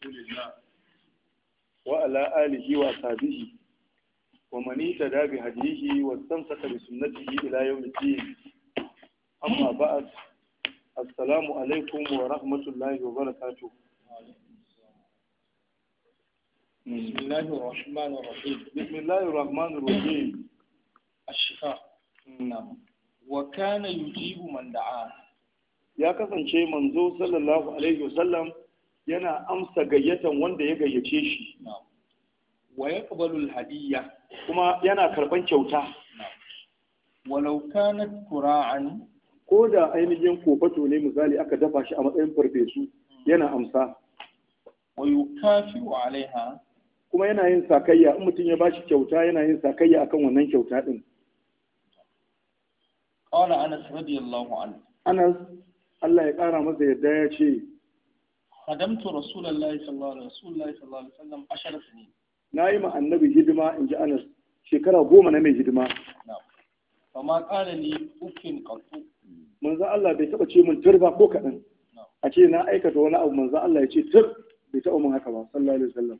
rasulillah wa ala alihi wa sahbihi wa man ittaba bi hadihi wa istamsaka bi sunnatihi ila yawm al amma ba'd assalamu alaikum wa rahmatullahi wa barakatuh بسم الله الرحمن الرحيم بسم الله الرحمن الرحيم الشفاء نعم وكان يجيب من دعاه ya kasance manzo sallallahu alaihi wasallam yana amsa gayyatan wanda ya gayyace shi wa ya yaqbalu hadiyya kuma yana karban kyauta walau kanat qura'an ko da ainihin kofato ne misali aka dafa shi a matsayin farfesu hmm. yana amsa wa yukafiu alaiha kuma yana yin sakayya in mutum ya bashi kyauta yana yin sakayya akan wannan kyauta din qala anas radiyallahu anhu anas Allah ya kara masa yadda ya ce Adamtu, rasulullahi sallallahu alaihi rasulullahi sallallahu alaihi wasallam ashar sinin ma annabi hidima in ji Anas shekara goma na mai hidima fa ma qala li uffin qattu manzo Allah bai taba ce min turba ko kadan a ce na aikata wani abu manzo Allah ya ce tur bai taba min haka ba sallallahu alaihi wasallam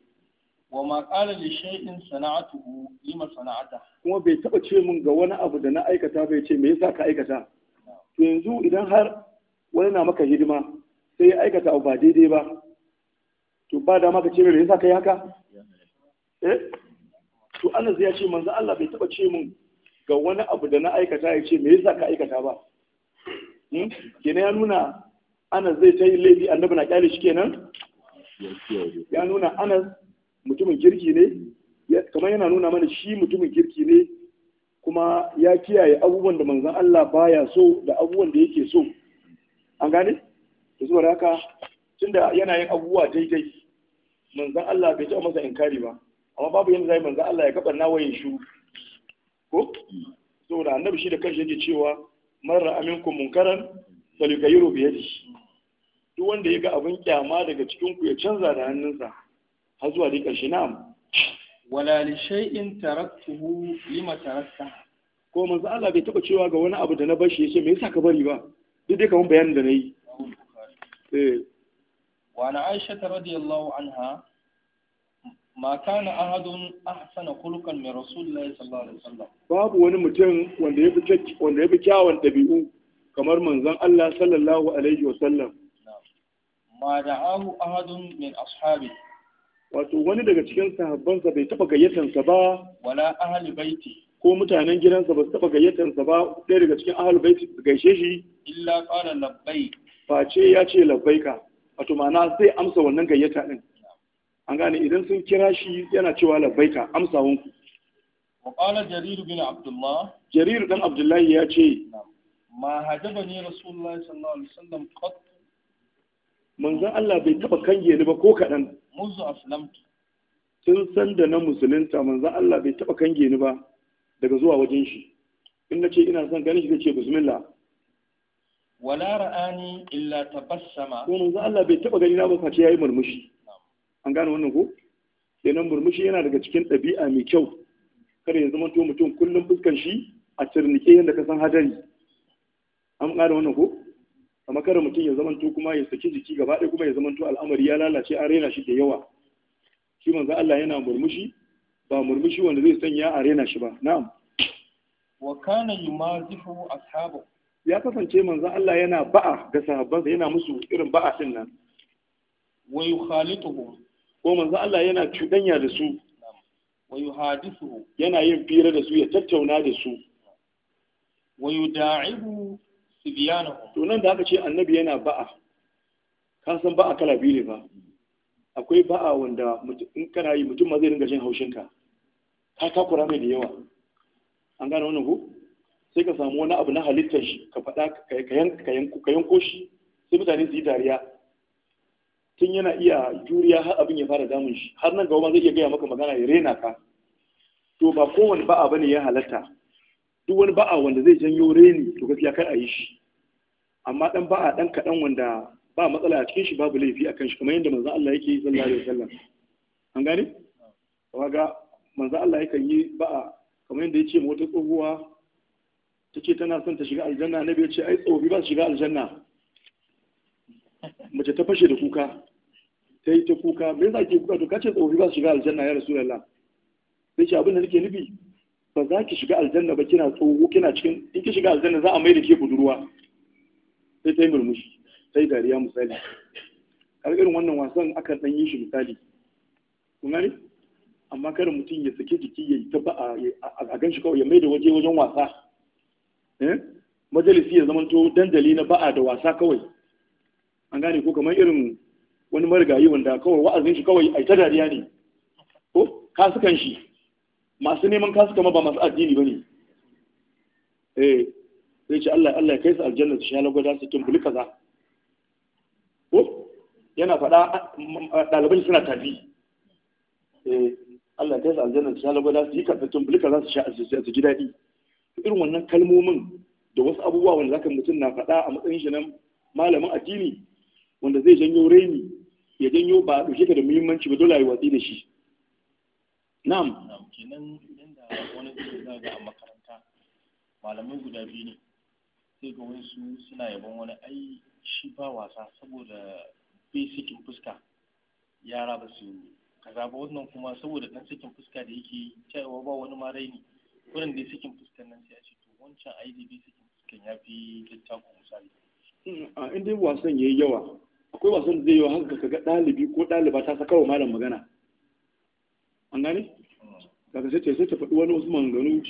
wa ma qala li shay'in sana'atuhu lima kuma bai taɓa ce min ga wani abu da na aikata bai ce me yasa ka aikata to yanzu idan har wani na maka hidima sai ya aikata abu ba daidai ba to ba da ka ce yasa kai haka eh to Allah zai ya ce manzo Allah bai taba ce mun ga wani abu da na aikata ya ce me yasa ka aikata ba hmm? kenan ya nuna Anas zai ta yi laifi annabi na kyale shi kenan ya nuna Anas mutumin kirki ne kamar yana nuna mana shi mutumin kirki ne kuma ya kiyaye abubuwan da manzon Allah baya so da abubuwan da yake so an gane to saboda haka tunda yana yin abubuwa daidai manzan Allah bai taɓa masa inkari ba amma babu yanda zai manzan Allah ya na wayan shu ko saboda annabi shi da kanshi yake cewa man ra'a minkum munkaran falyughayyiru bi yadihi duk wanda ya ga abin kyama daga cikin ku ya canza da hannunsa har zuwa dai ƙarshe na'am wala li shay'in taraktuhu lima tarakta ko manzo Allah bai taba cewa ga wani abu da na bashi yace me yasa ka bari ba duk dai kaman bayanin da na yi. Eh. وعن عائشة رضي الله عنها ما كان أحد أحسن خلقا من رسول الله صلى الله عليه وسلم باب wani mutum wanda yafi wanda yafi kyawun dabi'u kamar manzon الله صلى الله عليه وسلم ما da'ahu أحد من ashabi wato wani daga cikin sahabbansa bai taba gayyatansa ba wala ahli baiti ko mutanen gidansa ba su taba gayyatansa ba ɗaya daga cikin ahli baiti gaishe shi illa qala labbaik face ya ce a wato ma'ana zai amsa wannan gayyata din an gane idan sun kira shi yana cewa labbaika amsawan ku وقال جرير jariru عبد الله Jariru بن Abdullahi ya ce. شيء ما هجبني رسول الله صلى الله عليه وسلم Allah bai taba kange ni ba ko kaɗan. Muzu aslamtu. Tun san da na musulunta manzon Allah bai taba kange ni ba daga zuwa wajen shi. In na ce ina son ganin shi zai ce bismillah. wala ra'ani illa tabassama ko ga Allah bai taba gani na ba face yayi murmushi an gane wannan ko kenan murmushi yana daga cikin ɗabi'a mai kyau kar ya zama to mutum kullum fuskan shi a cirnike yanda ka san hadari an gane wannan ko amma kada mutum ya zama to kuma ya saki jiki gaba ɗaya kuma ya zama to al'amari ya lalace an rena shi da yawa shi manzo Allah yana murmushi ba murmushi wanda zai sanya a rena shi ba na'am wa kana yumazifu ashabu ya kasance manzo Allah yana ba'a ga sahabbansa yana musu irin ba'a din nan wa yukhalituhum ko manzo Allah yana cudanya da su wa yuhadithu yana yin fira da su ya tattauna da su wa yuda'ibu sibyanahu to nan da aka ce annabi yana ba'a ka san ba'a kala biyu ne ba akwai ba'a wanda in kana yi mutum ma zai dinga jin haushinka ka takura mai da yawa an gane wannan ko sai ka samu wani abu na halittar shi ka faɗa ka yanko shi sai mutane su yi dariya tun yana iya juriya har abin ya fara damun shi har nan gaba ma zai iya gaya maka magana ya rena ka to ba kowane ba'a bane ya halatta duk wani ba'a wanda zai janyo reni to gaskiya kar a yi shi amma dan ba'a dan kaɗan wanda ba matsala a cikin shi babu laifi akan shi kamar yadda manzon Allah yake yi sallallahu alaihi wasallam an gane kaga manzon Allah yake yi ba'a kamar yadda ya ce mota tsohuwa ta ce tana son ta shiga aljanna Na ya ce ai tsofi ba su shiga aljanna mace ta fashe da kuka ta yi ta kuka za a ke kuka to ce tsofi ba su shiga aljanna ya lalla sai ce abin da nake nufi ba za ki shiga aljanna ba kina tsoho kina cikin in ki shiga aljanna za a mai da ke budurwa sai ta yi murmushi sai dariya misali har irin wannan wasan akan ɗan yi shi misali kun amma kada mutum ya sake jiki ya yi ta ba a gan shi kawai ya mai da waje wajen wasa Eh? majalisi ya zamanto dandali na ba'a da wasa kawai an gane ko kamar irin wani marigayi wanda kawai wa'azin shi kawai ai ta dariya ne ko kasukan shi masu neman kasuka ma ba masu addini bane eh sai ce Allah Allah ya kai su aljanna su sha lagwada su kin buli za ko yana faɗa dalibai suna tafi eh Allah ya kai su aljanna su sha lagwada su yi kafin buli za su sha su ji daɗi irin wannan kalmomin da wasu abubuwa wanda zaka mutum na faɗa a matsayin shi nan malamin addini wanda zai janyo raini ya janyo ba a ɗauke ka da muhimmanci ba dole a yi watsi da shi na'am kenan idan da wani zai a makaranta malamai guda biyu ne sai ga wasu suna yabon wani ai shi ba wasa saboda bai fuska yara ba su kaza ba wannan kuma saboda ɗan sakin fuska da yake cewa ba wani ma raini wurin da suke fuskan nan sai a ce to wancan idb suke fuskan ya fi littafin misali hmm, a inda wasan ya yi yawa akwai wasan da zai yi haka kaga ɗalibi ko ɗaliba ta saka wa malam magana an gane daga hmm. sai ta sai ta faɗi wani wasu manganu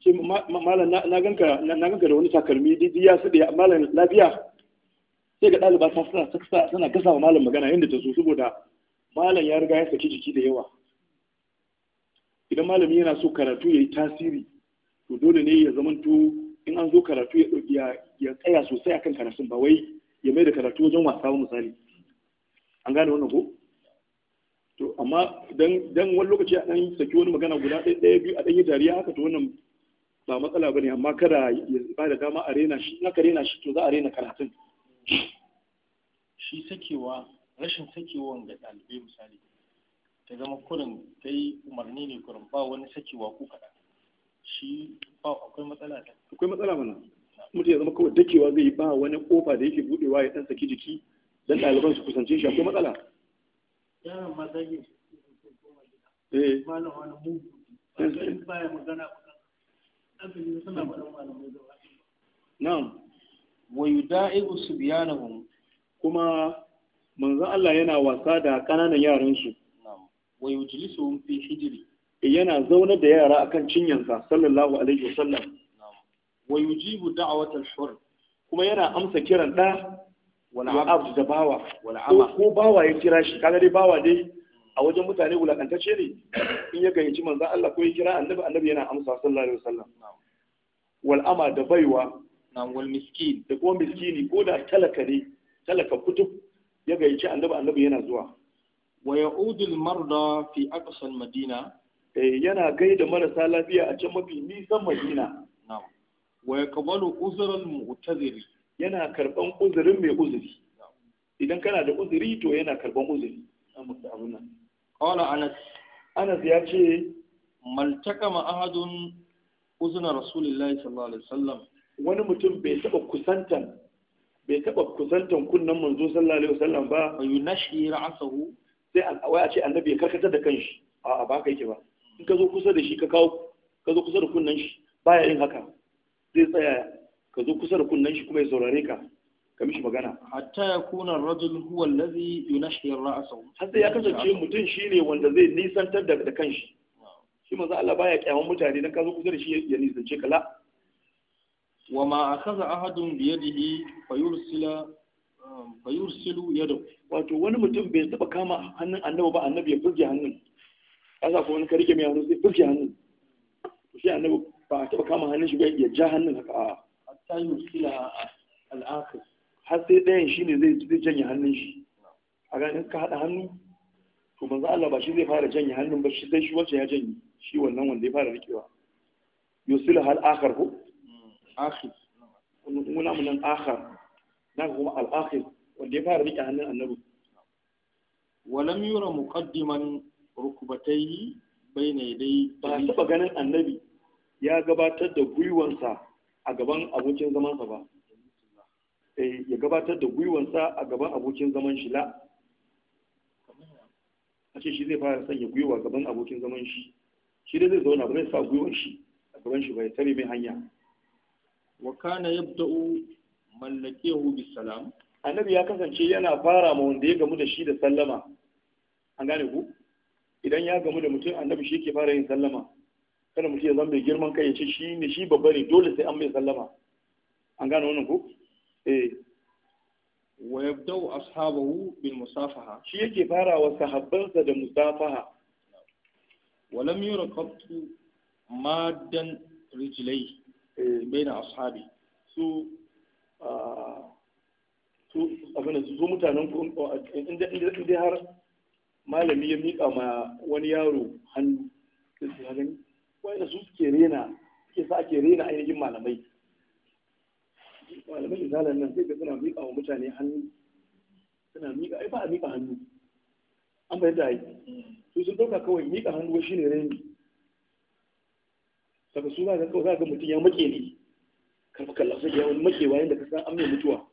ce malam na ganka da wani takalmi didi ya suɗe malam lafiya sai ga ɗaliba ta suna gasa wa malam magana yadda ta so saboda malam ya riga ya saki jiki da yawa idan malami yana so karatu ya yi tasiri to dole ne ya to in an zo karatu ya tsaya sosai akan karatun ba wai ya mai da karatu wajen wasa misali an gane wannan ko to amma dan wani lokaci a dan saki wani magana guda ɗaya biyu a dan yi dariya haka to wannan ba matsala bane amma kada ya ba da dama a rena shi na rena shi to za a rena karatun shi sakewa rashin sakewa ga ɗalibai misali ta zama kurin ta yi umarni ne kurin ba wani wa ko kaɗan shi ba akwai matsala ta akwai matsala mana mutum ya zama kawai dakewa zai yi ba wani kofa da yake budewa ya ɗan saki jiki don ɗaliban su kusance shi akwai matsala yaran ma zai eh malam wani mugu eh, eh. baya magana suna malamai na'am wa yuda'ibu subyanahum kuma manzon Allah yana wasa da ƙananan yaransu wa yujlisuhum fi hijiri. Eh, yana zaune da yara akan cinyansa sallallahu alaihi wasallam wa yujibu da'wat al-hur kuma yana amsa kiran da wal abd da bawa wal ama ko bawa ya kira shi kaga dai bawa dai a wajen mutane wulakantacce ne in ya gayyaci manzon Allah ko ya kira annabi annabi yana amsa sallallahu alaihi wasallam wal ama da baiwa na wal miskin da kuma miskini ko da talaka ne talaka kutub ya gayyaci annabi annabi yana zuwa wa Udil marda fi aqsal madina eh, yana gaida marasa lafiya a can mafi nisan madina na'am wa yaqbalu uzran yana karban uzurin mai uzuri idan kana da uzuri to yana karban uzuri an musu abun nan qala anas anas ya ce maltakama ahadun sallallahu alaihi wani mutum bai taba kusantan bai taba kusantan kunnan manzo sallallahu alaihi wasallam ba yunashi ra'sahu sai wai a ce annabi ya karkatar da kanshi a ba ka yake ba in ka zo kusa da shi ka kawo ka zo kusa da kunnen shi baya yin haka zai tsaya ka zo kusa da kunnen shi kuma ya saurare ka ka mishi magana hatta ya kuna rajul huwa allazi yunashi ra'sahu hatta ya kasance mutum shine wanda zai nisantar da da kanshi shi manzo Allah baya kyawun mutane dan ka zo kusa da shi ya nisance ka la wa ma akhadha ahadun bi yadihi fayursila fayursilu yadahu wato wani mutum bai taba kama hannun annabi ba annabi ya furge hannun kasa ko wani ka rike mai hannu sai furge hannun shi annabi ba a taba kama hannun shi ba ya ja hannun haka a hatta yusila al'akhir har sai ɗayan shi ne zai janye hannun shi a ga in ka haɗa hannu to manzo Allah ba shi zai fara janye hannun ba shi sai shi wacce ya janye shi wannan wanda ya fara rikewa yusila hal akhar ko mm, akhir wannan mun nan akhar na kuma al akhir wanda ya fara rike hannun annabi walam yura muqaddiman rukbatayhi bayna yadayhi ba taba ganin annabi ya gabatar da gwiwansa a gaban abokin zamansa ba eh, ya gabatar da gwiwansa a gaban abokin zaman shi la a ce shi zai fara sanya gwiwa gaban abokin zaman shi shi dai zai zauna ba zai sa gwiwan shi a gaban shi ba ya tare mai hanya wa kana yabda'u mallakehu bisalam annabi ya kasance yana fara ma wanda ya gamu da shi da sallama an gane ku idan ya gamu da mutum annabi shi ke fara yin sallama kada mutum ya zama girman kai ya ce shi ne shi babba ne dole sai an mai sallama an gane wannan ku eh wa yabda'u ashabahu bil musafaha shi yake fara wa sahabbansa da musafaha wa lam yura qattu maddan rijlai eh. baina ashabi su ah, su abin da su mutanen inda har malami ya miƙa ma wani yaro hannu da su ya gani wanda su suke rena suke sa ake rena ainihin malamai malamai misalan nan sai ga suna miƙa wa mutane hannu suna miƙa ai ba a miƙa hannu an bai da yi su sun ɗauka kawai miƙa hannu shi ne reni daga su za ka kawai ga mutum ya maƙe ne karfa kallasa ya wani maƙewa yadda ka san an mai mutuwa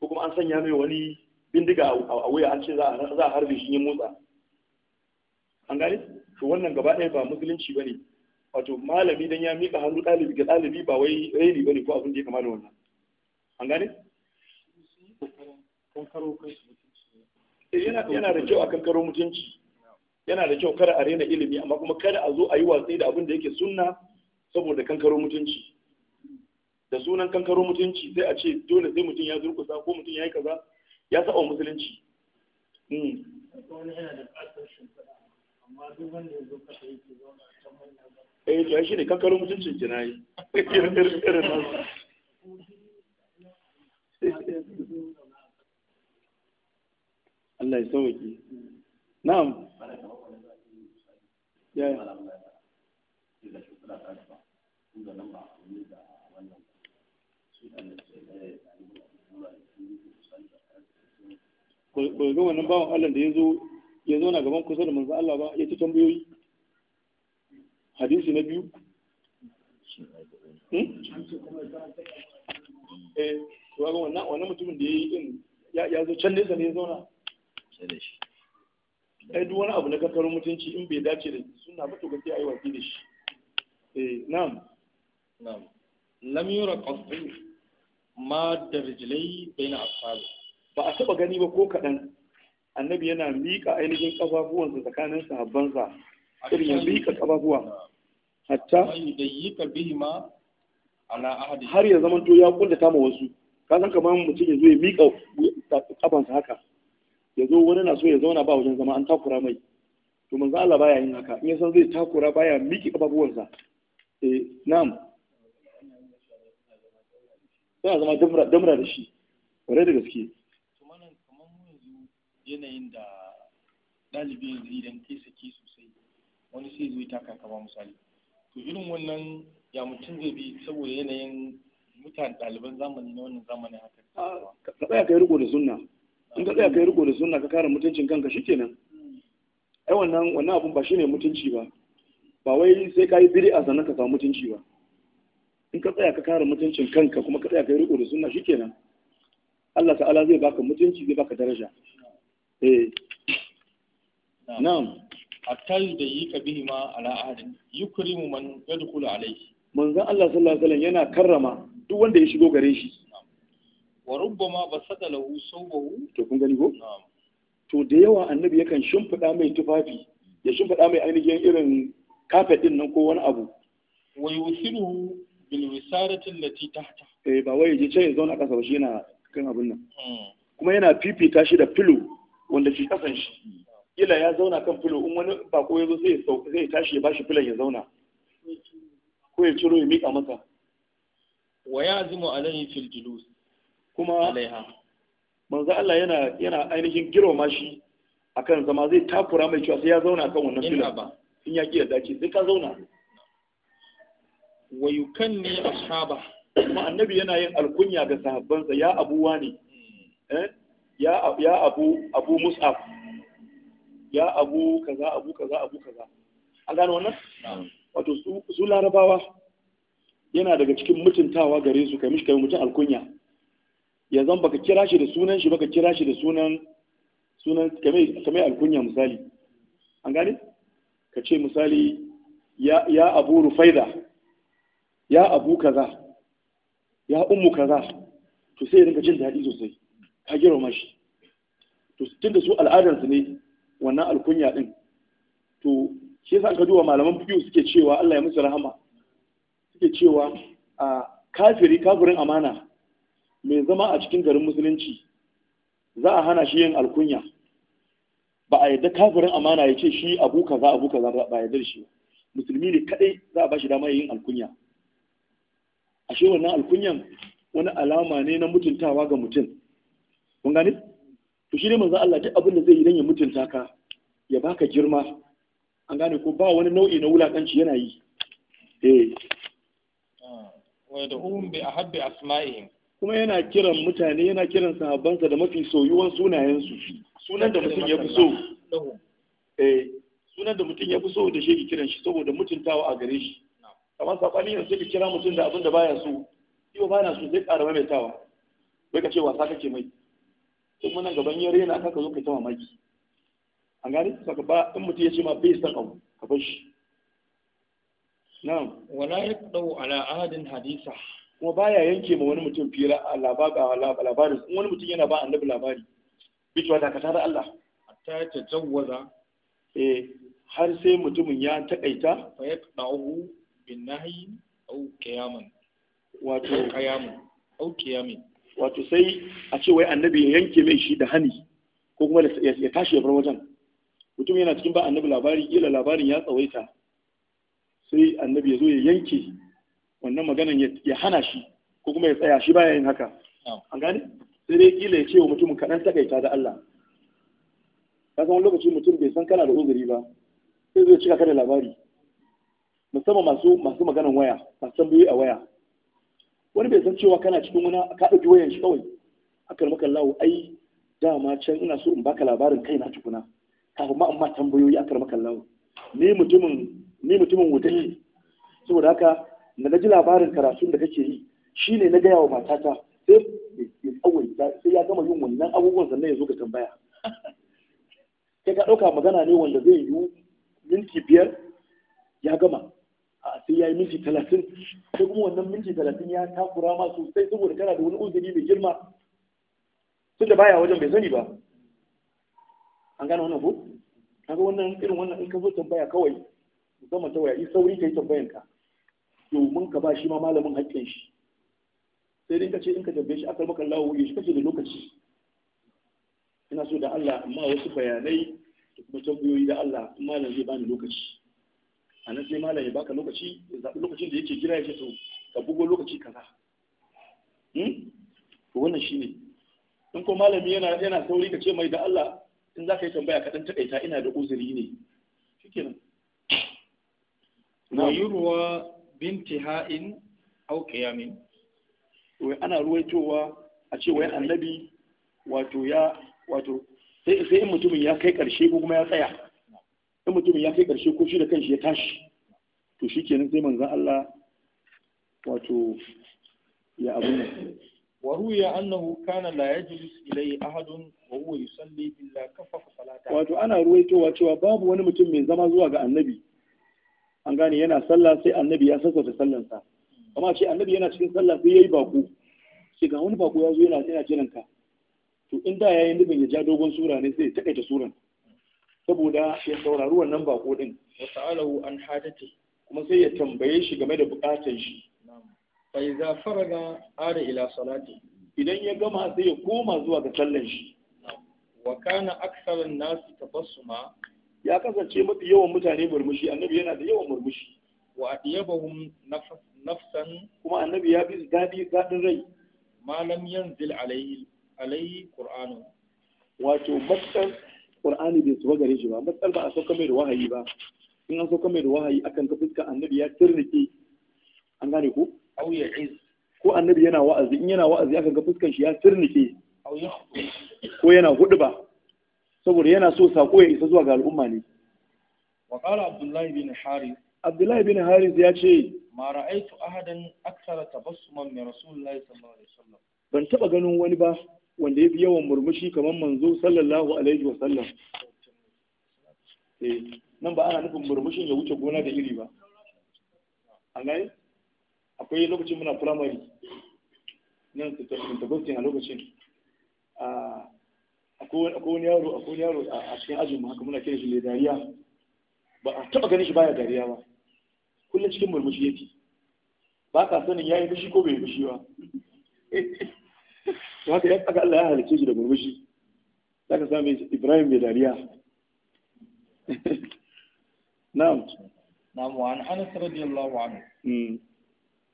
ko kuma an sanya mai wani bindiga a wuya an ce za a harbe shi ya motsa an gane to wannan gaba ɗaya ba musulunci ba ne wato malami dan ya miƙa hannu ɗalibi ga ɗalibi ba wai raini ba ne ko abin da ya kama da wannan an gane eh, yana da kyau a kankaro mutunci yana da kyau kada a rena ilimi amma kuma kada a zo a yi watsi da abin da yake sunna saboda kankaro mutunci da sunan kankaro mutunci sai a ce dole sai mutum ya durkusa ko mutum ya yi kaza ya saba musulunci hmm. eh to shi ne kankaro mutuncin ki nayi irin nasu Allah ya sauki na'am ya ba ga wannan bawan Allah da ya zo ya zauna gaban kusa da manzo Allah ba ya ci tambayoyi hadisi na biyu hmm? eh to ga wannan wannan mutumin da ya yi din ya zo can nesa ne ya zauna ai duk wani abu na karkarun mutunci in bai dace da suna ba to gaskiya ai watsi da shi eh na'am na'am lam yura qasdu ma darjilai bai na asali ba a taba gani ba ko kaɗan annabi yana miƙa ainihin ƙafafuwansa tsakanin sahabbansa irin ya miƙa ƙafafuwa hatta har ya zaman to ya ta ma wasu ka san kamar mutum ya zo ya miƙa ƙafansa haka ya zo wani na so ya zauna ba wajen zama an takura mai to manzo Allah baya yin haka in ya san zai takura baya miƙi ƙafafuwansa eh na'am suna zama damra da shi kwarai da gaske to mu yanzu yanayin da ɗalibi yanzu idan kai sake sosai wani sai zo ta kakaba misali to irin wannan ya mutum zai bi saboda yanayin mutane ɗaliban zamani na wannan zamani haka ka tsaya kai riko da sunna in ka tsaya kai riko da sunna ka kare mutuncin kanka shikenan ai wannan wannan abun ba shine mutunci ba ba wai sai kai bid'a sannan ka samu mutunci ba in ka tsaya ka kare mutuncin kanka kuma ka tsaya ka yi riko da shi kenan. Allah ta'ala zai baka mutunci zai baka daraja eh na'am attal da yi ka bihi ma ala ahadin yukrimu man yadkhulu alayhi manzon Allah sallallahu alaihi wasallam yana karrama duk wanda ya shigo gare shi wa rubbama basata lahu sawbahu to kun gani ko na'am to da yawa annabi yakan shimfiɗa mai tufafi ya shimfiɗa mai ainihin irin kafet din nan ko wani abu wa yusiru bil wisaratin lati tahta eh ba wai ji ya zauna kasa ba shi yana kan abin nan hmm. kuma yana fifita shi da filo wanda shi kasan shi ila ya zauna kan filo in wani bako ya zo sai ya sai ya tashi ya bashi filon ya zauna ko ya ciro ya mika masa wa ya yazimu alayhi fil julus kuma alaiha manzo Allah yana yana ainihin girma shi akan zama zai takura mai cewa sai ya zauna kan wannan filon in ya ki yarda ce sai ka zauna wa yukanni ashaba kuma annabi yana yin alkunya ga sahabbansa ya abu wani eh? ya ya abu abu mus'ab ya abu kaza abu kaza abu kaza an gano wannan wato su larabawa yana daga cikin mutuntawa gare su kai mishi kai mutun alkunya ya zan baka kira shi da sunan shi baka kira shi da sunan sunan kamar alkunya misali an gane ka ce misali ya abu rufaida ya abu kaza ya ummu kaza to sai rinka jin daɗi sosai ka girma mashi to da su al'adarsu ne wannan alkunya ɗin. to shi yasa ka duba malaman biyu suke cewa Allah ya musu rahama suke cewa a kafiri kafirin amana mai zama a cikin garin musulunci za a hana shi yin alkunya ba a yadda kafirin amana ya ce shi abu kaza abu kaza ba a yadda shi musulmi ne kadai za a ba shi dama yin alkunya ashe wannan alkunyan wani alama ne na mutuntawa ga mutum kun gane to shi ne manzo Allah duk abin da zai yi dan ya mutunta ka ya baka girma an gane ko ba wani nau'i na wulakanci yana yi eh wa yad'uhum bi ahabbi asma'ihim kuma yana kiran mutane yana kiran sahabbansa da mafi soyuwan sunayensu sunan da mutum ya fi so eh sunan da mutum ya fi so da shi kiran shi saboda mutuntawa a gare shi kamar saɓani yanzu ka kira mutum da abin da bayan so yau ba na so zai ƙara maimaitawa bai ka ce wasa kake mai tun munan gaban yare rena ka ka zo ka ta mamaki an gane ka ba in mutum ya ce ma bai san abu ka bar shi na'am wala yaqdau ala ahadin hadisa kuma baya yanke ma wani mutum fira a labarin in wani mutum yana ba annabi labari bishwa da katar Allah hatta ya tajawwaza eh har sai mutumin ya takaita fa yaqdahu bin nahi au qiyaman wato qiyaman au qiyamin wato sai a ce wai annabi ya yanke mai shi da hani ko kuma ya tashi ya bar wajen mutum yana cikin ba annabi labari kila labarin ya tsawaita sai annabi ya zo ya yanke wannan maganan ya hana shi ko kuma ya tsaya shi baya yin haka an gane sai dai kila ya ce wa ka kaɗan takaita da Allah ka san lokaci mutum bai san kana da uzuri ba sai zai cika kada labari musamman masu masu maganan waya masu tambayoyi a waya wani bai san cewa kana cikin wani ka ɗauki wayan shi kawai aka maka lawo ai dama can ina so in baka labarin kai na tukuna kafin ma amma tambayoyi aka maka lawo ni mutumin ni mutumin wuta saboda haka da na ji labarin karatun da kake yi shine na gaya wa matata sai ya tsawai sai ya gama yin wannan abubuwan sannan ya zo ka tambaya kai ka ɗauka magana ne wanda zai yi minti biyar ya gama a sai ya yi minti talatin Sai kuma wannan minti talatin ya takura ma sosai saboda kana da wani uzuri mai girma da baya wajen bai sani ba an gane wannan ko kaga wannan irin wannan in ka zo tambaya kawai zama ta waya yi sauri yi tambayan ka domin ka ba shi ma malamin haƙƙin shi sai dai ka ce in ka tambaye shi aka maka lawo ya shi kace da lokaci ina so da Allah amma wasu bayanai da kuma tambayoyi da Allah malam zai bani lokaci a nan sai malam ya baka lokaci zaɓi lokacin da yake jira ya ce to ka bugo lokaci kaza hmm? to wannan shine in ko malami yana yana sauri ka ce mai da Allah in za ka yi tambaya ka dan takaita ina da uzuri ne shikenan wa yurwa ha'in au qiyamin wai ana ruwaitowa a ce wai annabi wato ya wato sai sai mutumin ya kai karshe ko kuma ya tsaya ɗan mutumin ya kai ƙarshe ko shi da kanshi ya tashi to shi kenan sai manzan Allah wato ya abu ne. nan annahu kana la yajlis ilayhi ahadun wa huwa yusalli illa kafa salata wato ana ruwaitowa cewa babu wani mutum mai zama zuwa ga annabi an gane yana sallah sai annabi ya sassauta sallansa amma ce annabi yana cikin sallah sai yayi bako sai ga wani bako ya zo yana yana jiran ka to in da yayin nufin ya ja dogon sura ne sai ya takaita suran saboda ya saurari wannan bako din wa sa'alahu an hajati kuma sai ya tambaye shi game da bukatar shi fa idza faraga ara ila salati idan ya gama sai ya koma zuwa ga sallar shi wa kana aktharun nasi tabassuma ya kasance mafi yawan mutane murmushi annabi yana da yawan murmushi wa adiyabahum nafsan kuma annabi ya bi dadi dadin rai malam yanzil alaihi alaihi qur'anu wato matsan qur'ani bai zuwa gare shi ba matsal ba a sauka mai da wahayi ba in an sauka mai da wahayi akan ka fuska annabi ya tirnike an gane ko au ya iz ko annabi yana wa'azi in yana wa'azi akan ka fuskan shi ya tirnike au ya ko yana hudu ba saboda yana so sako ya isa zuwa ga al'umma ne wa qala abdullahi bin harith abdullahi bin harith ya ce ma ra'aitu ahadan akthara tabassuman min rasulillahi sallallahu alaihi wasallam ban taba ganin wani ba wanda ya fi yawan murmushi kamar manzo sallallahu alaihi wa sallam eh, nan ba ana nufin murmushin ya wuce gona da iri ba anai akwai lokacin muna firamare nan tabbacin a lokacin akwai wani yaro akwai wani yaro a cikin ajin haka muna kira shi mai dariya ba a taba ganin shi baya dariya ba kullum cikin murmushi yake ba ka sanin ya yi fushi ko bai fushi ba to haka yan aka Allah ya halice shi da murmushi za ka same Ibrahim mai dariya na'am na'am wa an Anas radiyallahu anhu hmm.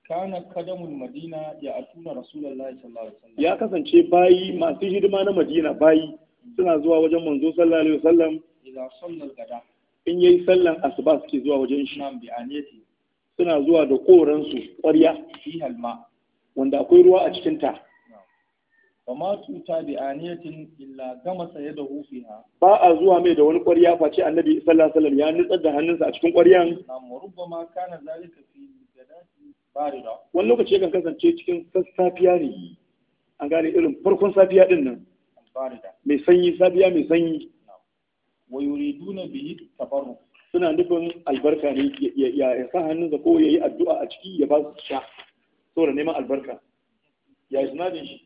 kana kadamul madina ya atuna rasulullahi sallallahu alaihi wasallam ya kasance bayi masu hidima na madina bayi suna zuwa wajen manzo sallallahu alaihi wasallam idza sallal gada in yayi sallan asuba suke zuwa wajen shi nan bi aniyati suna zuwa da koran su ƙwarya fi halma wanda akwai ruwa a cikin ta wa ma tuta bi aniyatin illa kama saye da hufiha ba a zuwa mai da wani ƙwarya face annabi sallallahu alaihi wasallam ya nutsar da hannunsa a cikin ƙwaryan rubbama kana zalika fi gadati barida wani lokaci yakan kasance cikin safiya ne an gane irin farkon safiya din nan mai sanyi safiya mai sanyi wa yuriduna bi tafarru suna nufin albarka ne ya sa hannunsa ko ya yi addu'a a ciki ya ba su sha saboda neman albarka ya isnadin shi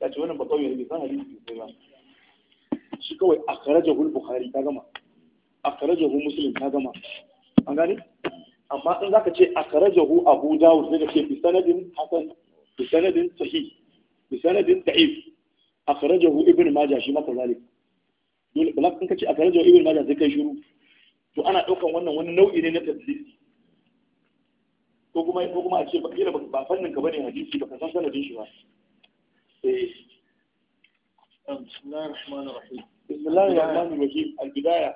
ya ce wannan ba kauye ne bai san hadisi sosai ba shi kawai a karaja hul bukhari ta gama a karaja hu muslim ta gama an gane amma in zaka ce a karaja hu abu dawud sai ka ce bi sanadin hasan bi sanadin sahih bi sanadin da'if akhrajahu ibn majah shi maka zalik dole ba kan kace akhrajahu ibn Maja sai kai shiru to ana daukan wannan wani nau'i ne na tadlisi ko kuma ko kuma a ce ba kira ba fannin ka bane hadisi ba ka san sanadin shi ba بسم الله الرحمن الرحيم البداية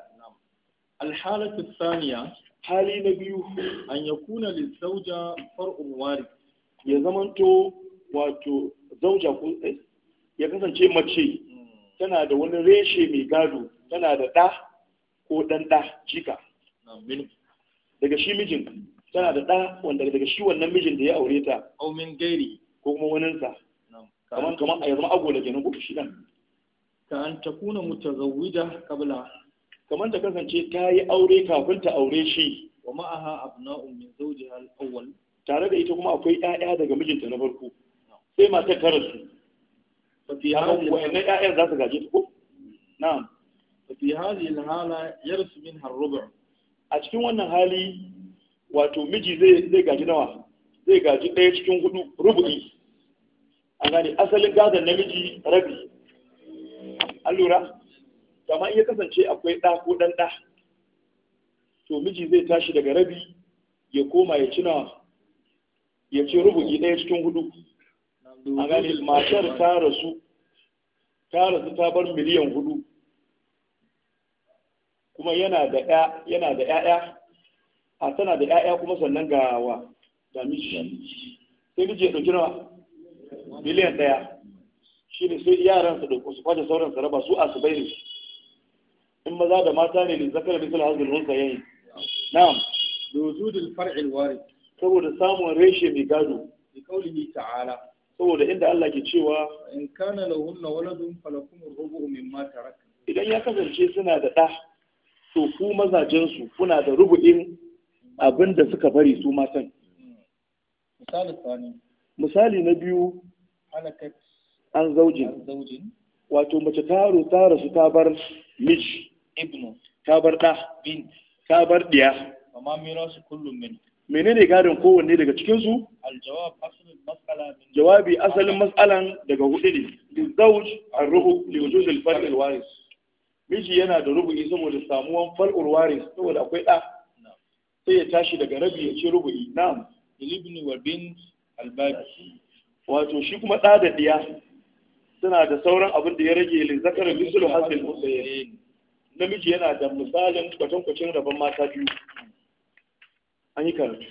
الحالة الثانية hali na biyu an ya kuna ya wato zauja ko eh, ya kasance mace hmm. tana da wani reshe mai gado tana da ɗa ko ɗan ɗa jika daga shi mijin tana da ɗa wanda daga shi wannan mijin da ya aure ta aumin gairi ko kuma waninsa kamar kamar a yanzu agola kenan ko shi dan ka an takuna mutazawwida qabla kamar ta kasance ta yi aure kafin ta aure shi wa ma'aha abna'un min zawjiha al-awwal tare da ita kuma akwai ƴaƴa daga mijinta na farko sai matar ta rasu ففي هذه نعم ففي هذه الحالة min har الربع a cikin wannan hali wato miji zai gaji nawa zai gaji ɗaya cikin hudu rubu'i an gane asalin gadon namiji rabi an lura amma iya kasance akwai ɗa ko ɗan ɗa to miji zai tashi daga rabi ya koma ya cina ya ce rubuki ɗaya cikin hudu a gani matar ta rasu ta rasu ta bar miliyan hudu kuma yana da yana da a tana da 'ya'ya kuma sannan ga wa da miji sai miji ya ɗauki nawa miliyan ɗaya shi ne sai yaran su ɗauko su kwace sauran su raba su a su bai in maza da mata ne da zakar misal hazin hulka yayi na'am da wujudin far'il warid saboda samun reshe mai gado bi qaulihi ta'ala saboda inda Allah ke cewa in kana lahunna waladun falakum rubu'u mimma taraka idan ya kasance suna da da to ku mazajen su kuna da rubu'in abin da suka bari su matan hmm. misali misali na biyu an zaujin wato mace taro ta rasu ta bar miji ibnu ta bar ɗa bin ta bar diya amma mirasu kullum min menene gadon kowanne daga cikin su jawabi asalin mas'alan daga hudu ne lizauj arruhu liwujud al-fard al-waris miji yana da rubu'i saboda samuwan fal'ul waris saboda akwai ɗa sai ya tashi daga rabi ya ce rubu'i na'am ibnu wa bin al-babi wato shi kuma ɗa da ɗiya suna da sauran abin da ya rage li zakar misalu hasil namiji yana da misalin kwatankwacin rabon mata biyu an yi karatu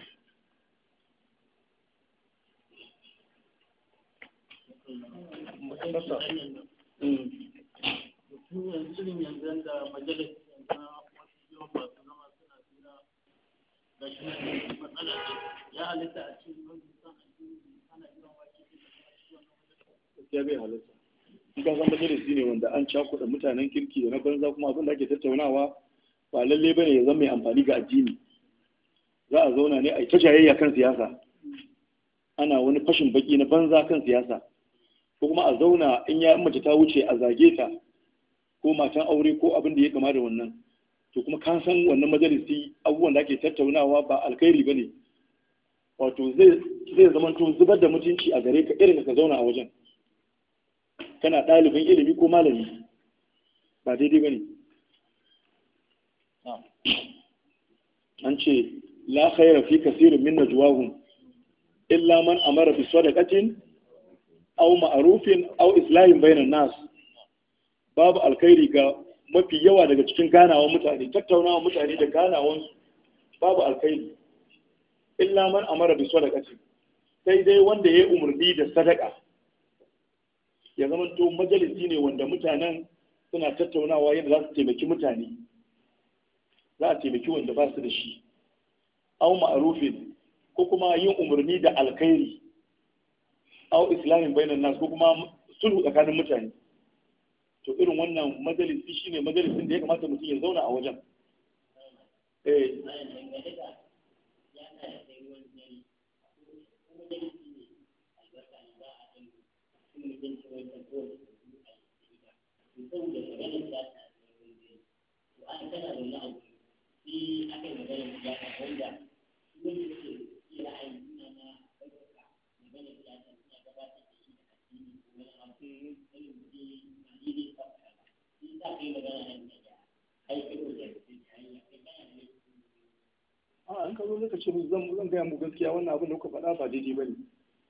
ya halitta a cikin gaskiya bai halatta in ka san majalisi ne wanda an cakuɗa mutanen kirki da na banza kuma abin da ake tattaunawa ba lalle ba ne ya zama mai amfani ga addini za a zauna ne a yi ta jayayya kan siyasa ana wani fashin baki na banza kan siyasa ko kuma a zauna in ya mace ta wuce a zage ta ko matan aure ko abin da ya kama da wannan to kuma ka san wannan majalisi abubuwan da ake tattaunawa ba alkhairi ba ne wato zai zamanto zubar da mutunci a gare ka irin ka zauna a wajen kana ɗalibin ilimi ko malami ba daidai ba ne an ce la khaira fi kasirin min juwahun illa man amara bi sadaqatin aw ma'rufin aw islahin bainan nas babu alkhairi ga mafi yawa daga cikin ganawan mutane tattaunawa mutane da ganawan babu alkhairi illa man amara bi sadaqatin sai dai wanda ya yi umarni da sadaka ya zama to majalisi ne wanda mutanen suna tattaunawa yadda za su taimaki mutane za a taimaki wanda ba su da shi au ma'arufin ko kuma yin umarni da alkhairi au islamin bainan nas ko kuma sulhu tsakanin mutane to irin wannan majalisi shine majalisin da ya kamata mutum ya zauna a wajen eh ka zo ka ce zan zan gaya mu gaskiya wannan abin da kuka faɗa ba daidai ba ne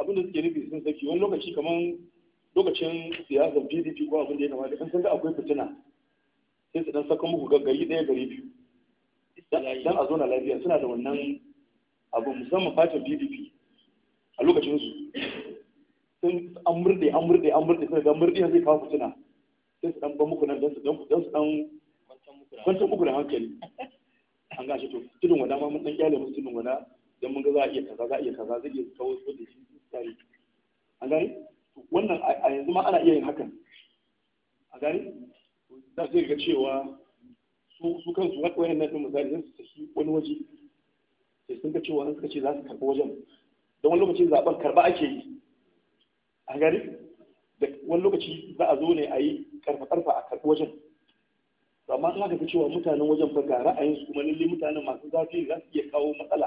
abin da suke nufi sun saki wani lokaci kamar lokacin siyasar pdp ko abin da ya kamata in sun ga akwai fitina sai su dan saka muku gaggari daya gari biyu dan a zona lafiya suna da wannan abu musamman fatin pdp a lokacin su sun an murde an murde an murde sai ga murde zai kawo fitina sai su dan ba muku nan dan su dan dan su dan kwantar muku da hankali an gashi to tudun wada ma mun dan kyale musu tudun wada idan mun ga za a iya kaza za a iya kaza zai iya kawo su da shi tsari a gani wannan a yanzu ma ana iya yin hakan a gani za su ga cewa su su kansu wayan nan din misali sun tafi wani waje sai sun ga cewa an suka ce za su karɓi wajen don wani lokaci zaɓen karɓa ake yi a gani da wani lokaci za a zo ne a yi karfa-karfa a karɓi wajen amma ina aka fi cewa mutanen wajen ba ga ra'ayin su kuma lalle mutanen masu zafi za su iya kawo matsala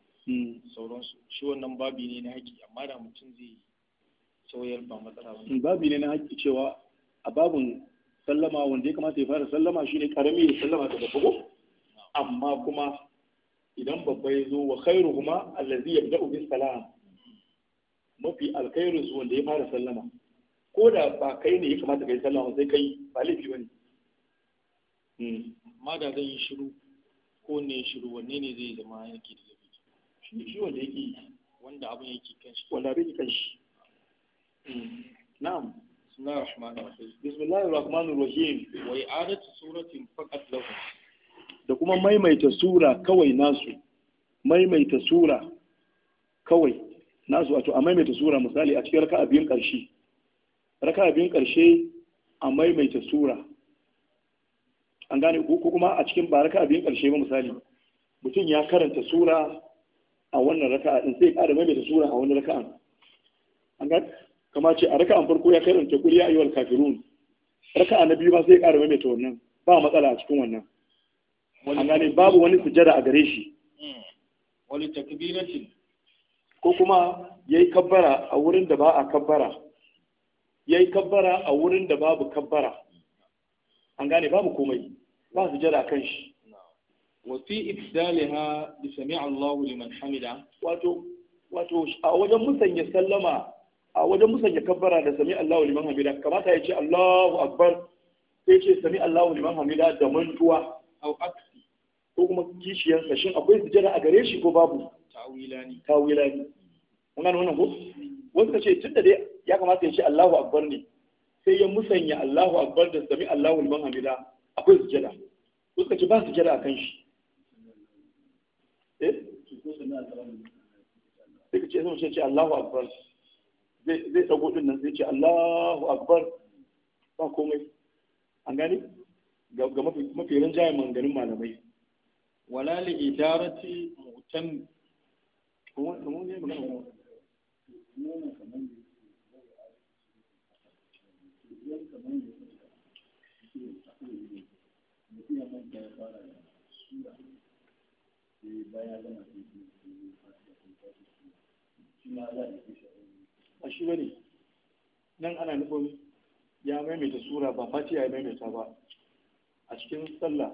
Hmm, sauransu shi wannan babi ne na haƙƙi amma da mutum zai sauyar ba matsala ba hmm, babi ne na haƙƙi cewa a babin sallama wanda ya kamata ya fara sallama shi ne ƙarami ya sallama daga bugu amma kuma idan babba ya zo wa kuma allazi yabda'u ubin salam mafi alkhairin su wanda ya fara sallama ko da ba kai ne ya kamata kai sallama sai kai ba laifi bane hmm. amma da zan yi shiru ko ne shiru wanne ne zai zama yake da shi wanda yake wanda abun yake kan shi wanda abin kan shi na'am bismillahir rahmanir rahim bismillahir rahmanir rahim wa i'adatu suratin faqat lahu da kuma maimaita sura kawai nasu maimaita sura kawai nasu wato a maimaita sura misali a cikin raka'a biyun karshe raka'a biyun karshe a maimaita sura an gane ko kuma a cikin ba raka'a biyun karshe ba misali mutum ya karanta sura a wannan raka'a din sai ƙara maimaita sura a wannan raka'an an ga kama ce a raka'an farko ya kai karanta kuri ya ayyuhal kafirun raka'a na biyu ma sai ƙara maimaita wannan ba matsala a cikin wannan an gane babu wani sujada a gare shi hmm. wani takbirati ko kuma yayi kabbara a wurin da ba a kabbara yayi kabbara a wurin da babu kabbara an gane babu komai ba sujada a kan shi وفي fi بسمع الله لمن Allahu liman hamida wato wato a wajen musanya sallama a wajen musanya kabbara da sami Allahu الله hamida kamata ya ce Allahu akbar sai ce sami Allahu liman hamida da mantuwa ko kuma kishiyarsa shin akwai a ko babu tawilani wannan ko ce ya kamata ya ce Allahu akbar ne sai ya musanya Allahu akbar da sami Allahu liman hamida akwai sujada ko ba sujada akan shi eh sai ka ce sai ce Allahu akbar zai dago din nan zai ce Allahu akbar ba komai an gane ga mafi rinjayen manganin malamai wala li idarati mutan Thank you. a shi bane nan ana nufin ya maimaita sura ba fati ya maimaita ba a cikin sallah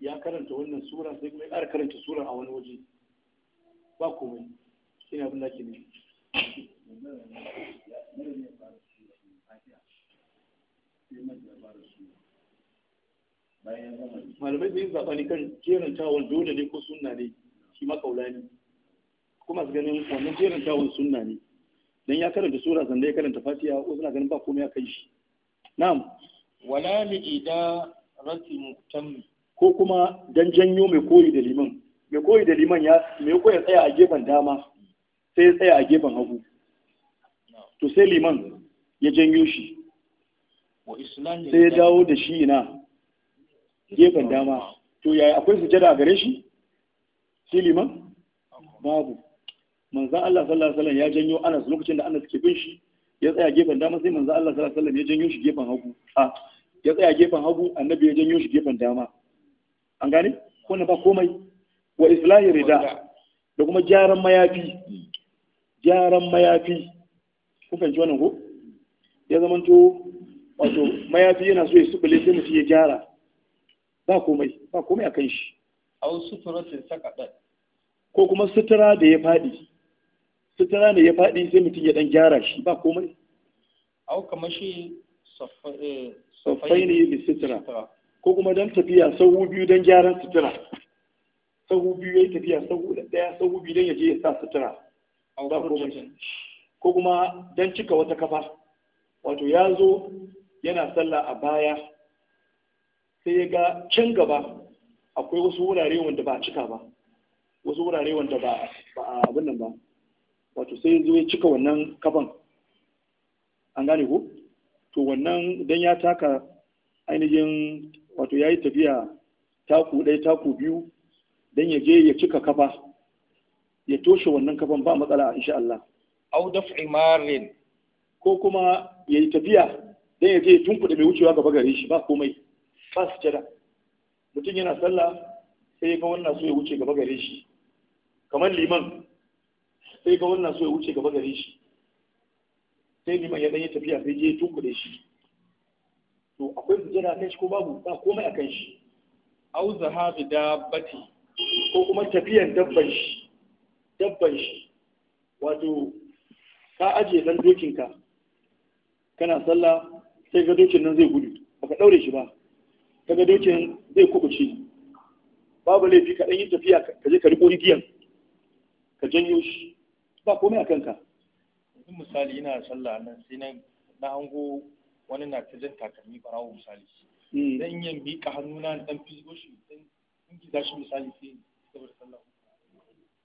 ya karanta wannan sura sai kuma ya ƙara karanta sura a wani waje ba komai shi ne abin da ke sai malamai yin yi zaɓani kan jerin tawon dole ne ko sunna ne shi makaula ne kuma su ganin wannan jerin tawon sunna ne dan ya karanta sura sanda ya karanta fatiha ko suna ganin ba komai ya kai shi na'am wala li ida rati ko kuma dan janyo mai koyi da liman mai koyi da liman ya mai koyi tsaya a gefen dama sai ya tsaya a gefen hagu to sai liman ya janyo shi sai ya dawo da shi ina gefen dama to yaya akwai sujada a gare shi shi liman babu manzan Allah sallallahu alaihi wasallam ya janyo Anas lokacin da Anas ke bin shi ya tsaya gefen dama sai manzan Allah sallallahu alaihi wasallam ya janyo shi gefen hagu a ya tsaya gefen hagu annabi ya janyo shi gefen dama an gane wannan ba komai wa islahi rida da kuma gyaran mayafi jaran mayafi kun fahimci wannan ko ya zamanto wato mayafi yana so ya subule sai mutum ya gyara ba komai ba komai kan shi aw suturatin sakadat ko kuma sutura da ya faɗi sutura ne ya faɗi sai mutum ya dan gyara shi ba komai aw kamashi safai eh, ne bi sutura ko kuma dan tafiya sahu biyu dan gyaran sutura sahu biyu ya tafiya sahu daya sahu biyu dan yaje ya sa sutura ba komai ko kuma dan cika wata kafa wato ya zo yana sallah a baya sai ya ga can gaba akwai wasu wurare wanda ba a cika ba wasu wurare wanda ba a abin nan ba wato sai ya zo ya cika wannan kafan an gane ko to wannan dan ya taka ainihin wato ya yi tafiya taku ɗaya taku biyu dan ya je ya cika kafa ya toshe wannan kafan ba matsala insha Allah au daf'i marin ko kuma ya yi tafiya dan ya je ya tunkuɗe mai wucewa gaba gare shi ba komai ba sujada mutum yana sallah sai ga wannan so ya wuce gaba gare shi kamar liman sai ga wannan so ya wuce gaba gare shi sai liman ya dan yi tafiya sai je tunkuɗe shi to akwai sujada kan shi ko babu ba komai akan shi au zahabi dabbati ko kuma tafiyan dabban shi dabban shi wato ka aje dan dokinka kana sallah sai ga dokin nan zai gudu baka daure shi ba kaga dokin zai kubuce babu laifi ka yi tafiya ka je ka riko igiyan ka janyo shi ba komai a kanka yanzu misali ina sallah nan sai na na hango wani na ta jan takalmi barawo misali dan hmm. yin miƙa hannuna dan fizo shi dan ji shi misali sai saboda sallah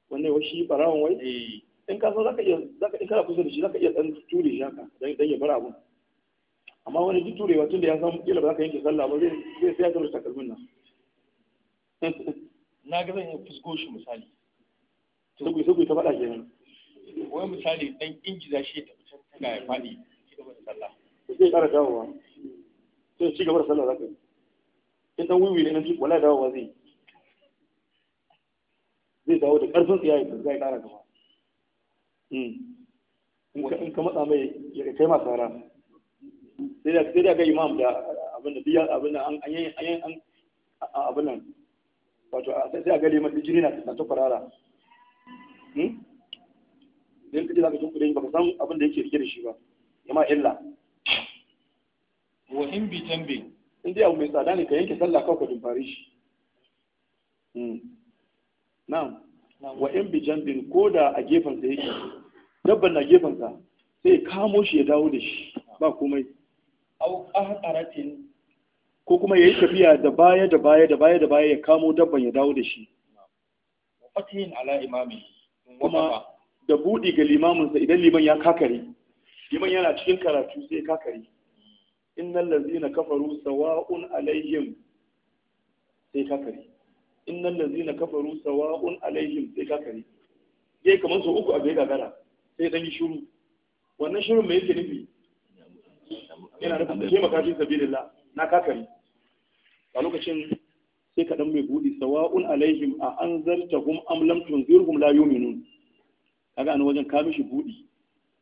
wannan washi shi barawon wai eh. in ka so zaka iya zaka in kana kusa da shi zaka iya dan ture shi haka dan ya bar abun amma wani duk turewa tun da ya san kila ba za ka yanke sallah ba zai sai ya zama takalmin nan na ga zan yi fusgo shi misali sai sai ta faɗa kenan Wani misali dan ingiza shi ya tafi can tana ya faɗi ci gaba da sallah sai ƙara dawowa sai ci gaba da sallah zaka yi in dan wiwi ne na ji wala dawowa zai zai dawo da ƙarfin tsiyayi da zai ƙara gaba hmm. in ka matsa mai ya kai masu rana sai da ga imam da abin da biya abin da an yi an abin nan wato sai a gare masa jini na ta farara hmm? idan kaje zaka ba ka san abin da yake rike da shi ba yama illa wa in bi tambi in dai abu mai tsada ne ka yanke sallah kawai ka dumfare shi hmm. na'am wa in bi jambin ko da a gefen sa yake dabban na gefen sa sai kamo shi ya dawo da shi ba komai au qahqaratin ko kuma yayi tafiya da baya da baya da baya da baya ya kamo dabban ya dawo da shi wa fatihin ala imami kuma da budi ga limamin sa idan liman ya kakare liman yana cikin karatu sai kakare innal ladzina kafaru sawa'un alaihim sai kakare innal ladzina kafaru sawa'un alaihim sai kakare yayi kamar sau uku a bai gagara sai dan yi shiru wannan shirin me yake nufi yana nufin ka taimaka fi sabilillah na kakari a lokacin sai kaɗan mai buɗi sawa'un alaihim a an zarta hum am lam tunzirhum la yu'minun kaga an wajen ka mishi buɗi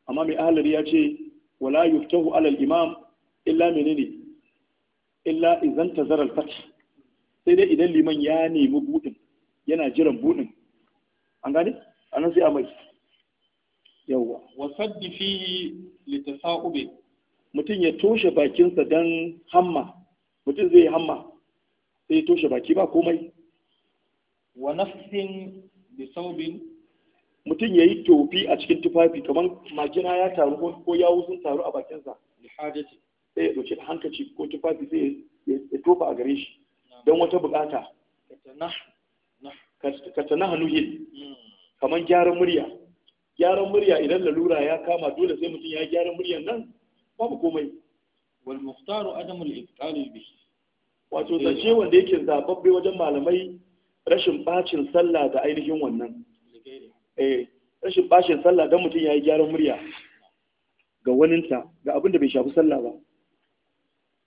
amma mai ahlari ya ce wala yuftahu alal imam illa menene illa idan tazara al sai dai idan liman ya nemi buɗin yana jiran buɗin an gane anan sai a mai yawwa wa saddi fihi litasa'ubi mutum ya toshe bakinsa don hamma mutum zai hamma sai ya toshe baki ba komai wa nafsin bi saubin mutum ya yi tofi a cikin tufafi kamar majina ya taru ko ya sun taru a bakinsa sai ya ɗauki hankaci ko tufafi sai ya tofa a gare shi don wata bukata ka hannu hannuhin kamar gyaran murya gyaran murya idan lalura ya kama dole sai mutum ya gyaran muryan nan babu komai wal muhtaru adamul ibtalu bih wato zance wanda yake zababbe wajen malamai rashin bacin sallah da ainihin wannan eh rashin bacin sallah dan mutum yayi gyaran murya ga waninta ga abin da bai shafi sallah ba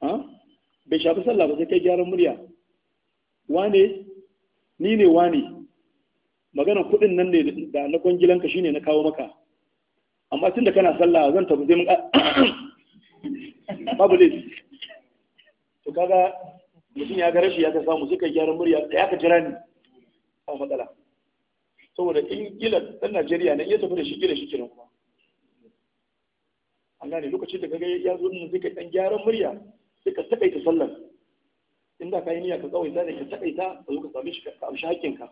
ha bai shafi sallah ba sai kai gyaran murya wane ni ne wane maganar kuɗin nan ne da na kwangilanka shine na kawo maka amma tun da kana sallah zan tafi zai babu laifi to kaga mutum ya ga rashi ya ka samu sai kai gyaran murya da ya ka jira ni a matsala saboda in gila dan Najeriya ne ya tafi da shi gila shi kiran kuma Allah ne lokacin da kaga ya zo nan sai ka dan gyaran murya sai ka takaita sallar in da ka yi niyya ka tsawaita da ka takaita ka zo ka same shi ka amshi hakkinka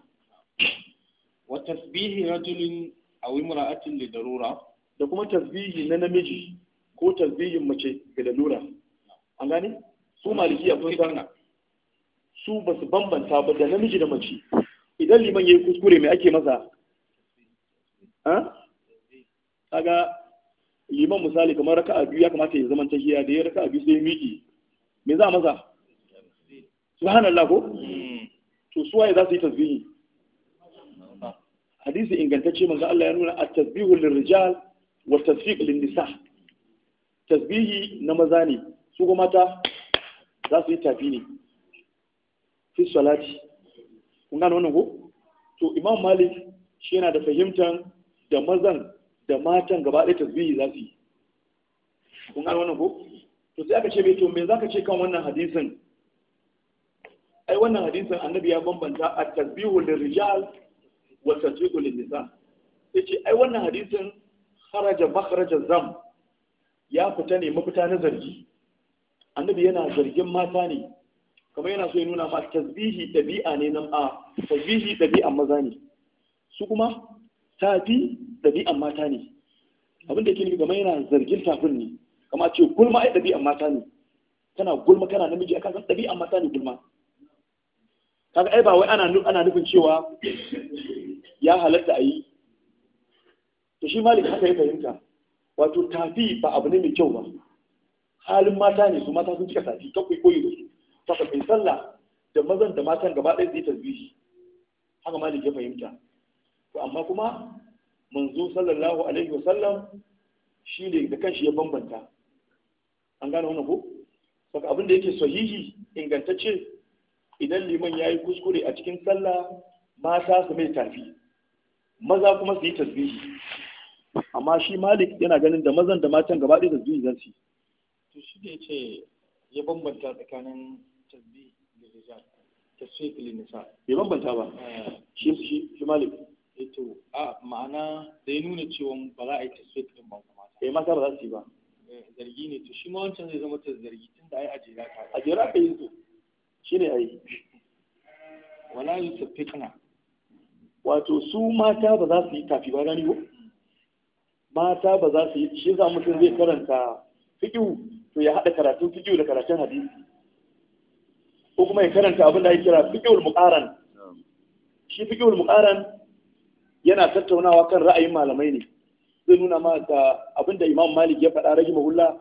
wa tasbihi rajulin aw imra'atin li darura da kuma tasbihi na namiji ko talbiyin mace ga lalura an gane su malikiya kun san su ba su bambanta ba da namiji da mace idan liman yayi kuskure mai ake masa kaga liman misali kamar raka'a biyu ya kamata ya zaman tahiya da ya raka'a biyu sai miki me za a masa subhanallah ko to suwaye za su yi tasbihi hadisi ingantacce manzo Allah ya nuna at-tasbihu lirrijal wa tasfiq lin-nisa' tasbihi na maza ne su kuma mata za su yi tafi ne fi salati kun gano wannan ko to imam malik shi yana da fahimtar da mazan da matan gaba ɗaya tasbihi za su yi kun gano wannan ko to sai aka ce mai to me za ka ce kan wannan hadisin ai wannan hadisin annabi ya bambanta a tasbihu rijal wa tasbihu da nisa ce ai wannan hadisin kharaja makharaja zam ya fita ne mafita na zargi annabi yana zargin mata ne kamar yana so ya nuna ma tasbihi dabi'a ne nan a tasbihi dabi'a maza ne su kuma tafi dabi'a mata ne Abinda da ke nufi kamar yana zargin tafin ne kamar ce gulma ai dabi'a mata ne kana gulma kana namiji a san dabi'a mata ne gulma kaga ai ba wai ana ana nufin cewa ya halatta a yi to shi malik haka ya fahimta wato tafi ba abu ne mai kyau ba halin mata ne su mata sun cika tafi ta kuwa yi da su saka mai sallah da mazan da matan gaba ɗaya zai tasbihi haka ma ke fahimta to amma kuma manzo sallallahu alaihi wa sallam shi ne da kanshi ya bambanta an gane wannan ko saka abin da yake sahihi ingantacce idan liman ya yi kuskure a cikin sallah mata su mai tafi maza kuma su yi tasbihi amma shi malik yana ganin da mazan da matan gaba ɗaya tasbihi za su yi to shi ne ce ya bambanta tsakanin tasbihi da rijal tasfiq lin nisa bai bambanta ba eh. shi shi shi malik eh to a ma'ana da ya nuna cewa ba za a yi tasfiq din ba kuma eh mata ba za su yi ba eh, zargi ne to shi ma wancan zai zama ta zargi tun da ai a jera ka a jera ka yi to shi ne ai wala yusaffiqna wato su mata ba za su yi tafi ba gani ba? mata ba za su yi shi za mutum zai karanta fiqhu to ya haɗa karatun fiqhu da karatun hadisi ko kuma ya karanta abin da ya kira fiqhul muqaran shi fiqhul muqaran yana tattaunawa kan ra'ayin malamai ne zai nuna ma ga abin da Imam Malik ya faɗa rahimahullah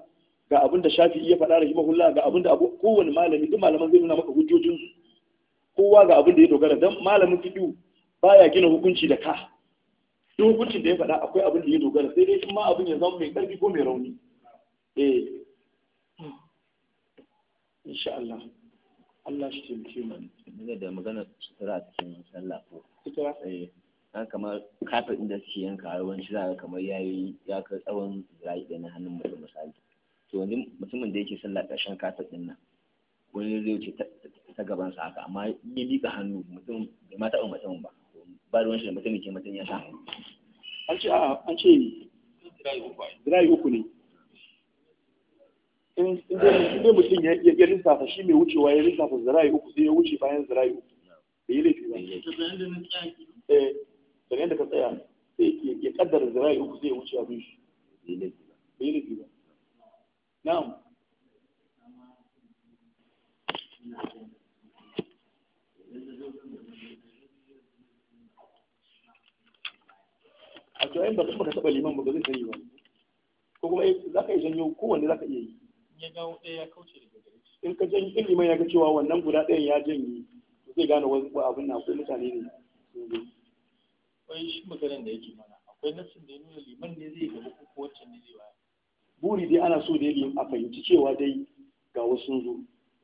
ga abin da Shafi ya faɗa rahimahullah ga abin da kowane malami duk malaman zai nuna maka hujjojin kowa ga abin da ya dogara dan malamin fiqh baya gina hukunci da ka duk hukuncin da ya faɗa akwai abin da ya dogara sai dai kuma ma abin ya zama mai ƙarfi ko mai rauni eh insha Allah Allah shi mutum mu daga da magana sutura a cikin sallah ko sutura eh an kamar kafin inda suke yanka yawanci shi ka kamar yayi ya ka tsawon zai da na hannun mutum misali to wani mutumin da yake sallah ƙarshen kafin din nan wani zai wuce ta gabansa haka amma ya miƙa hannu mutum bai ma taɓa mutumin ba ba ruwan shi da mutum ke mutum ya sha an ce a an ce zirayi uku ne in mutum ya lissafa shi mai wucewa ya lissafa zirayi uku sai ya wuce bayan zirayi uku bai yi laifi ba eh daga yadda ka tsaya ya kaddara zirayi uku sai ya wuce abin shi bai yi laifi ba na'am to ai ba ka taba liman ba ba zai sani ba ko kuma za ka iya janyo kowanne za ka iya yi ya dawo ɗaya ya kauce daga gare shi in ka janyo in liman ya ga cewa wannan guda ɗayan ya janye zai gane wani abin na akwai mutane ne Akwai shi maganar da yake mana akwai nassin da ya nuna liman ne zai gaba ko wacce ne zai baya buri dai ana so da yi a fahimci cewa dai ga wasu sun zo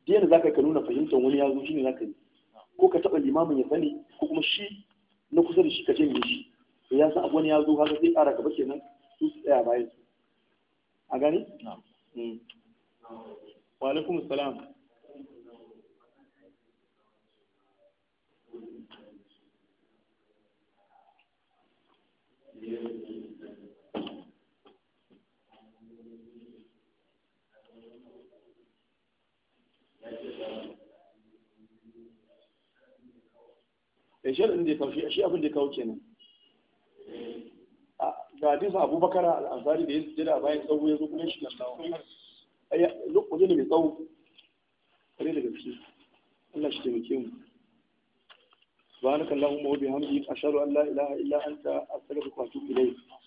da yadda za ka nuna fahimtar wani ya zo za ka yi ko ka taɓa limamin ya sani ko kuma shi na kusa da shi ka janye shi to ya san wani ya zo haka sai ƙara gaba kenan su su tsaya bayan su a gani mm. wa alaikum salam eh, ya shi abin da ya kawo kenan ga hadisin abubakar al'ansari da ya sujjada a bayan tsawo ya zo kuma shi lallawa lokaci ne mai tsawo kare da gaske Allah shi taimake mu subhanakallahumma wa bihamdika ashhadu an la ilaha illa anta astaghfiruka wa atubu ilayk